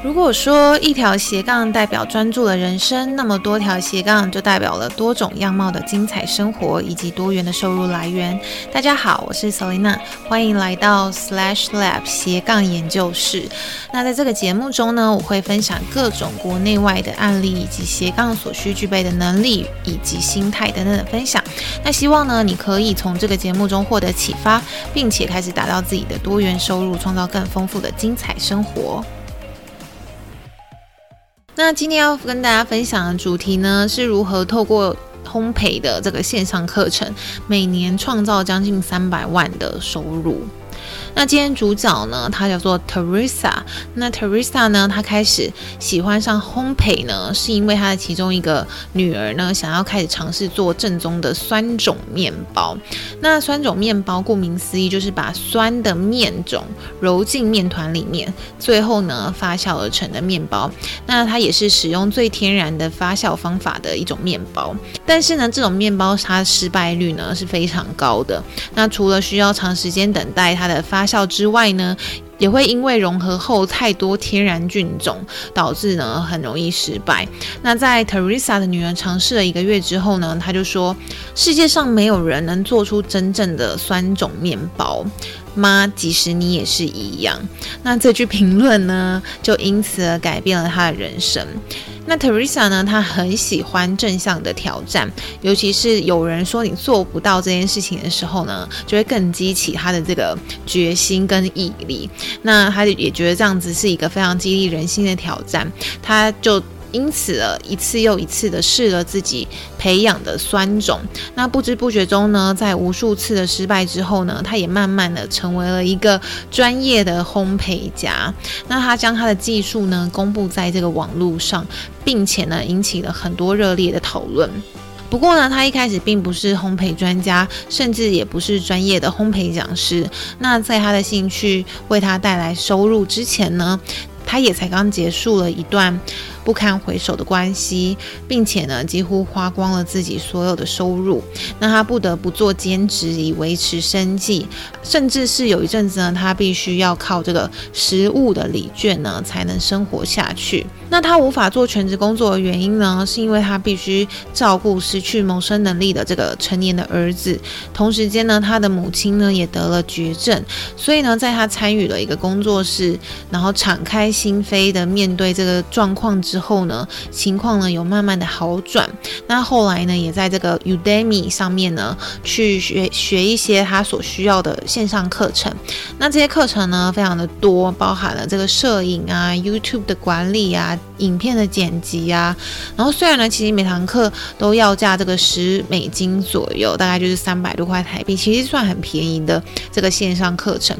如果說一條斜槓代表專注的人生，那麼多條斜槓就代表了多種樣貌的精彩生活以及多元的收入來源。大家好，我是 Selina，歡迎來到 Slash Lab 斜槓研究室。那在這個節目中呢，我會分享各種國內外的案例，以及斜槓所需具備的能力以及心態等等的分享。那希望呢，你可以從這個節目中獲得啟發，並且開始打造自己的多元收入，創造更豐富的精彩生活。那今天要跟大家分享的主題呢，是如何透過烘焙的這個線上課程，每年創造將近三百萬的收入。那今天主角呢，她叫做 Teresa。那 Teresa 呢，她開始喜歡上烘焙呢，是因為她的其中一個女兒呢，想要開始嘗試做正宗的酸種麵包。那酸種麵包，顧名思義，就是把酸的麵種揉進麵糰裡面，最後呢發酵而成的麵包。那它也是使用最天然的發酵方法的一種麵包。但是呢，這種麵包它失敗率呢是非常高的。那除了需要長時間等待它的發酵之外呢，也會因為融合後太多天然菌種，導致呢很容易失敗。那在 Teresa 的女兒嘗試了一個月之後呢，她就說：“世界上沒有人能做出真正的酸種麵包，媽，即使你也是一樣。”那這句評論呢，就因此而改變了她的人生。那 Teresa 呢？她很喜歡正向的挑戰，尤其是有人說你做不到這件事情的時候呢，就會更激起她的這個決心跟毅力。那她也覺得這樣子是一個非常激勵人心的挑戰，她就。因此一次又一次的試了自己培養的酸種，那不知不覺中呢，在無數次的失敗之後呢，他也慢慢的成為了一個專業的烘焙家。那他將他的技術呢，公布在這個網絡上，並且呢，引起了很多熱烈的討論。不過呢，他一開始並不是烘焙專家，甚至也不是專業的烘焙講師。那在他的興趣為他帶來收入之前呢，他也才剛結束了一段。不堪回首的關係，並且呢，幾乎花光了自己所有的收入，那他不得不做兼職以維持生計，甚至是有一陣子呢，他必須要靠這個食物的禮券呢才能生活下去。那他無法做全職工作的原因呢，是因為他必須照顧失去謀生能力的這個成年的兒子，同時間呢，他的母親呢也得了絕症，所以呢，在他參與了一個工作室，然後敞開心扉的面對這個狀況之後。之後呢，情況呢有慢慢的好轉。那後來呢，也在這個 Udemy 上面呢，去學學一些他所需要的線上課程。那這些課程呢，非常的多，包含了這個攝影啊、YouTube 的管理啊、影片的剪輯啊。然後雖然呢，其實每堂課都要價這個十美金左右，大概就是三百多塊台幣，其實算很便宜的這個線上課程。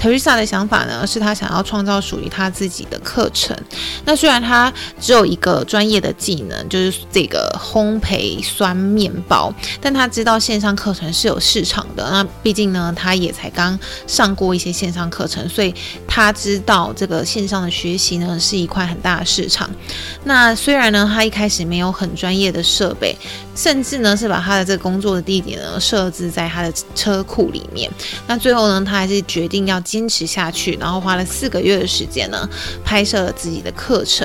Teresa 的想法呢，是他想要創造屬於他自己的課程。那雖然他只有一個專業的技能，就是這個烘培酸麵包，但他知道線上課程是有市場的。那畢竟呢，他也才剛上過一些線上課程，所以他知道這個線上的學習呢，是一塊很大的市場。那雖然呢，他一開始沒有很專業的設備。甚至呢，是把他的這個工作的地點呢，設置在他的車庫裡面。那最後呢，他還是決定要堅持下去，然後花了四個月的時間呢，拍攝了自己的課程。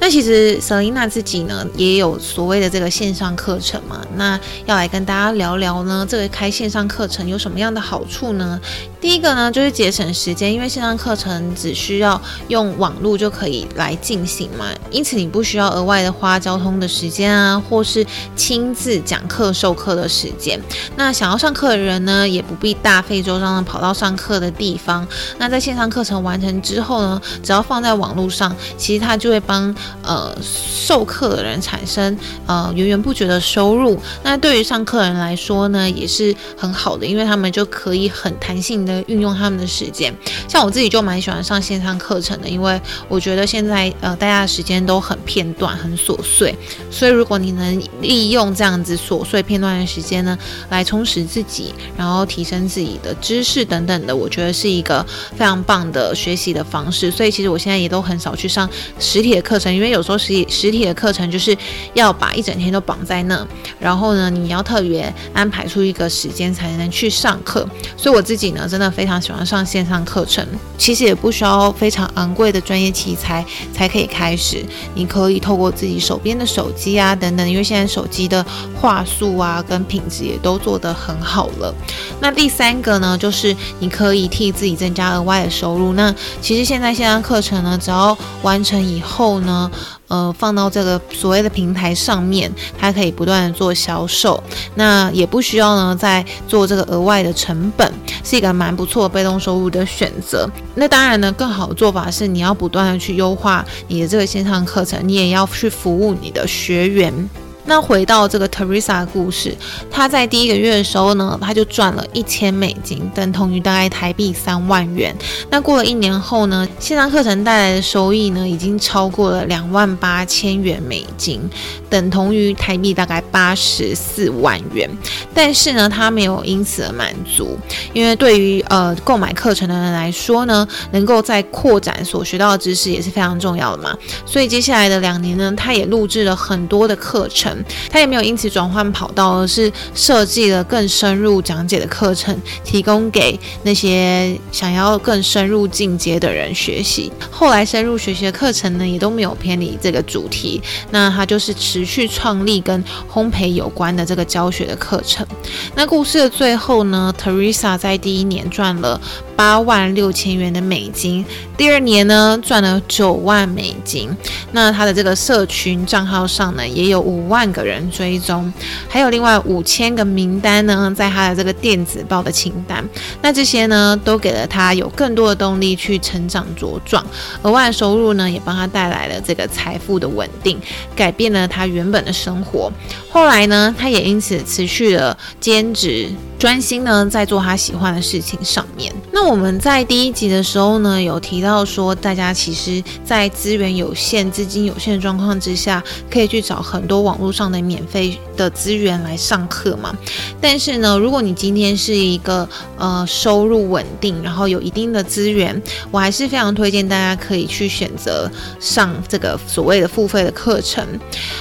那其實瑟琳娜自己呢也有所謂的這個線上課程嘛，那要來跟大家聊聊呢，這個開線上課程有什麼樣的好處呢？第一個呢，就是節省時間，因為線上課程只需要用網絡就可以來進行嘛，因此你不需要額外的花交通的時間啊，或是親自講課授課的時間。那想要上課的人呢，也不必大費周章的跑到上課的地方。那在線上課程完成之後呢，只要放在網絡上，其實它就會幫呃授課的人產生呃源源不絕的收入。那對於上課人來說呢，也是很好的，因為他們就可以很彈性。運用他們的時間，像我自己就蠻喜歡上線上課程的，因為我覺得現在呃大家的時間都很片段、很瑣碎，所以如果你能利用這樣子瑣碎片段的時間呢，來充實自己，然後提升自己的知識等等的，我覺得是一個非常棒的學習的方式。所以其實我現在也都很少去上實體的課程，因為有時候實體實體的課程就是要把一整天都綁在那，然後呢，你要特別安排出一個時間才能去上課，所以我自己呢真。那非常喜歡上線上課程，其實也不需要非常昂貴的專業器材才，才可以開始。你可以透過自己手邊的手機啊等等，因為現在手機的畫素啊跟品質也都做得很好了。那第三個呢，就是你可以替自己增加額外的收入。那其實現在線上課程呢，只要完成以後呢，呃，放到這個所謂的平台上面，它可以不斷的做銷售，那也不需要呢，再做這個額外的成本，是一個蠻不錯被動收入的選擇。那當然呢，更好的做法是你要不斷的去優化你的這個線上課程，你也要去服務你的學員。那回到這個 Teresa 的故事，她在第一個月的時候呢，她就賺了一千美金，等同於大概台幣三萬元。那過了一年後呢，線上課程帶來的收益呢，已經超過了兩萬八千元美金，等同於台幣大概八十四萬元。但是呢，他沒有因此而滿足，因為對於呃購買課程的人來說呢，能夠再擴展所學到的知識也是非常重要的嘛。所以接下來的兩年呢，他也錄製了很多的課程。他也沒有因此轉換跑道，而是設計了更深入講解的課程，提供給那些想要更深入進階的人學習。後來深入學習的課程呢，也都沒有偏離這個主題。那他就是持續創立跟烘焙有關的這個教學的課程。那故事的最後呢，Teresa 在第一年賺了。八萬六千元的美金，第二年呢賺了九萬美金，那他的這個社群賬號上呢也有五萬個人追蹤，還有另外五千個名單呢在他的這個電子報的清單，那這些呢都給了他有更多的動力去成長茁壯，額外收入呢也幫他帶來了這個財富的穩定，改變了他原本的生活。後來呢，他也因此辭去了兼職，專心呢在做他喜歡的事情上面。那我。我們在第一集的時候呢，有提到說，大家其實，在資源有限、資金有限的狀況之下，可以去找很多網絡上的免費的資源來上課嘛。但是呢，如果你今天是一個呃收入穩定，然後有一定的資源，我還是非常推薦大家可以去選擇上這個所謂的付費的課程。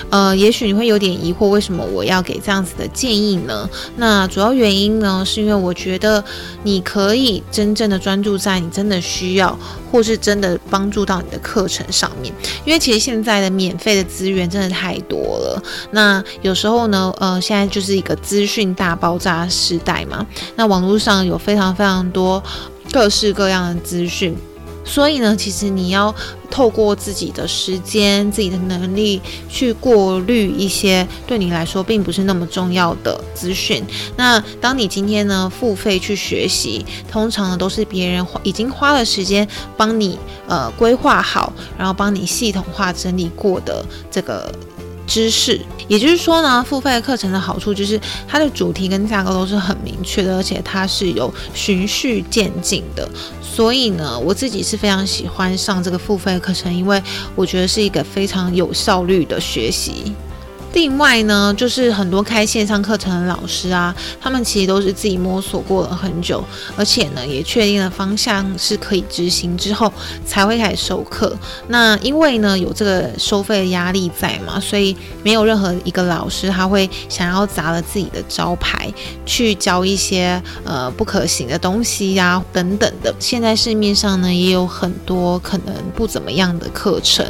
呃，也許你會有點疑惑，為什麼我要給這樣子的建議呢？那主要原因呢，是因為我覺得你可以真。真的專注在你真的需要或是真的幫助到你的課程上面，因為其實現在的免費的資源真的太多了。那有時候呢，呃，現在就是一個資訊大爆炸時代嘛，那網絡上有非常非常多各式各樣的資訊。所以呢，其實你要透過自己的時間、自己的能力去過濾一些對你來說並不是那麼重要的資訊。那當你今天呢，付費去學習，通常都是別人已經花了時間幫你呃規劃好，然後幫你系統化整理過的這個。知識，也就是說呢，付費課程的好處就是它的主題跟架構都是很明確的，而且它是有循序漸進的。所以呢，我自己是非常喜歡上這個付費課程，因為我覺得是一個非常有效率的學習。另外呢，就是很多開線上課程的老師啊，他們其實都是自己摸索過了很久，而且呢，也確定了方向是可以執行之後才會開始授課。那因為呢，有這個收費的壓力在嘛，所以沒有任何一個老師他會想要砸了自己的招牌，去教一些呃不可行的東西呀、啊、等等的。現在市面上呢也有很多可能不怎麼樣的課程，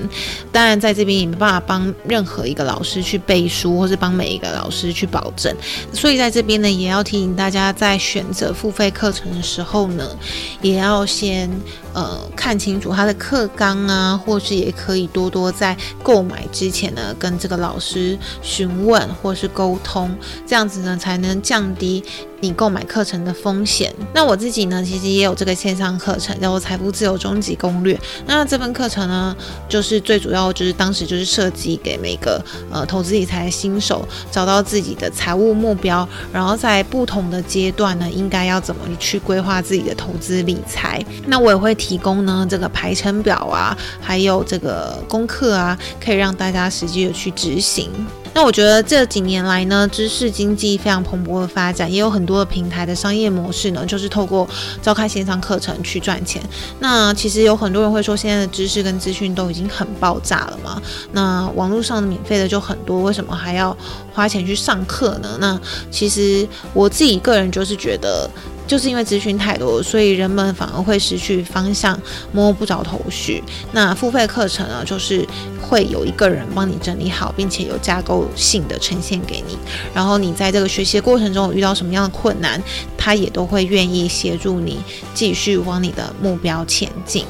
當然在這邊也沒辦法幫任何一個老師去背書，或是幫每一個老師去保證，所以在這邊呢，也要提醒大家，在選擇付費課程的時候呢，也要先呃看清楚他的課綱啊，或是也可以多多在購買之前呢，跟這個老師詢問或是溝通，這樣子呢，才能降低。你購買課程的風險。那我自己呢，其實也有這個線上課程，叫做《財富自由終極攻略》。那這份課程呢，就是最主要，就是當時就是設計給每個呃投資理財的新手，找到自己的財務目標，然後在不同的階段呢，應該要怎麼去規劃自己的投資理財。那我也會提供呢這個排程表啊，還有這個功課啊，可以讓大家實際的去執行。那我覺得這幾年來呢，知識經濟非常蓬勃的發展，也有很多的平台的商業模式呢，就是透過召開線上課程去賺錢。那其實有很多人會說，現在的知識跟資訊都已經很爆炸了嘛，那網絡上的免費的就很多，為什麼還要？花錢去上課呢？那其實我自己個人就是覺得，就是因為資訊太多，所以人們反而會失去方向，摸不着頭緒。那付費課程呢，就是會有一個人幫你整理好，並且有架構性的呈現給你。然後你在這個學習過程中遇到什麼樣的困難，他也都會願意協助你繼續往你的目標前進。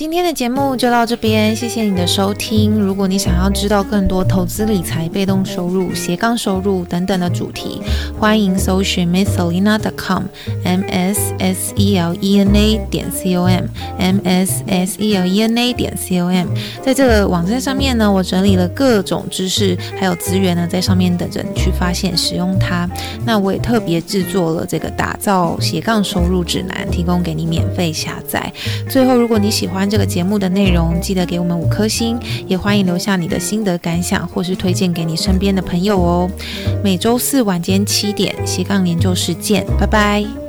今天的節目就到這邊，謝謝你的收聽。如果你想要知道更多投資理財、被動收入、斜槓收入等等的主題，歡迎搜尋 misselina.com m s s e l e n a 點 c o m m s s e l e n a 點 c o m。在這個網站上面呢，我整理了各種知識還有資源呢，在上面等人去發現、使用它。那我也特別制作了這個打造斜槓收入指南，提供給你免費下載。最後，如果你喜歡，這個節目的內容，記得給我們五顆星，也歡迎留下你的心得感想，或是推薦給你身邊的朋友哦。每周四晚間七點，斜槓研究室見，拜拜。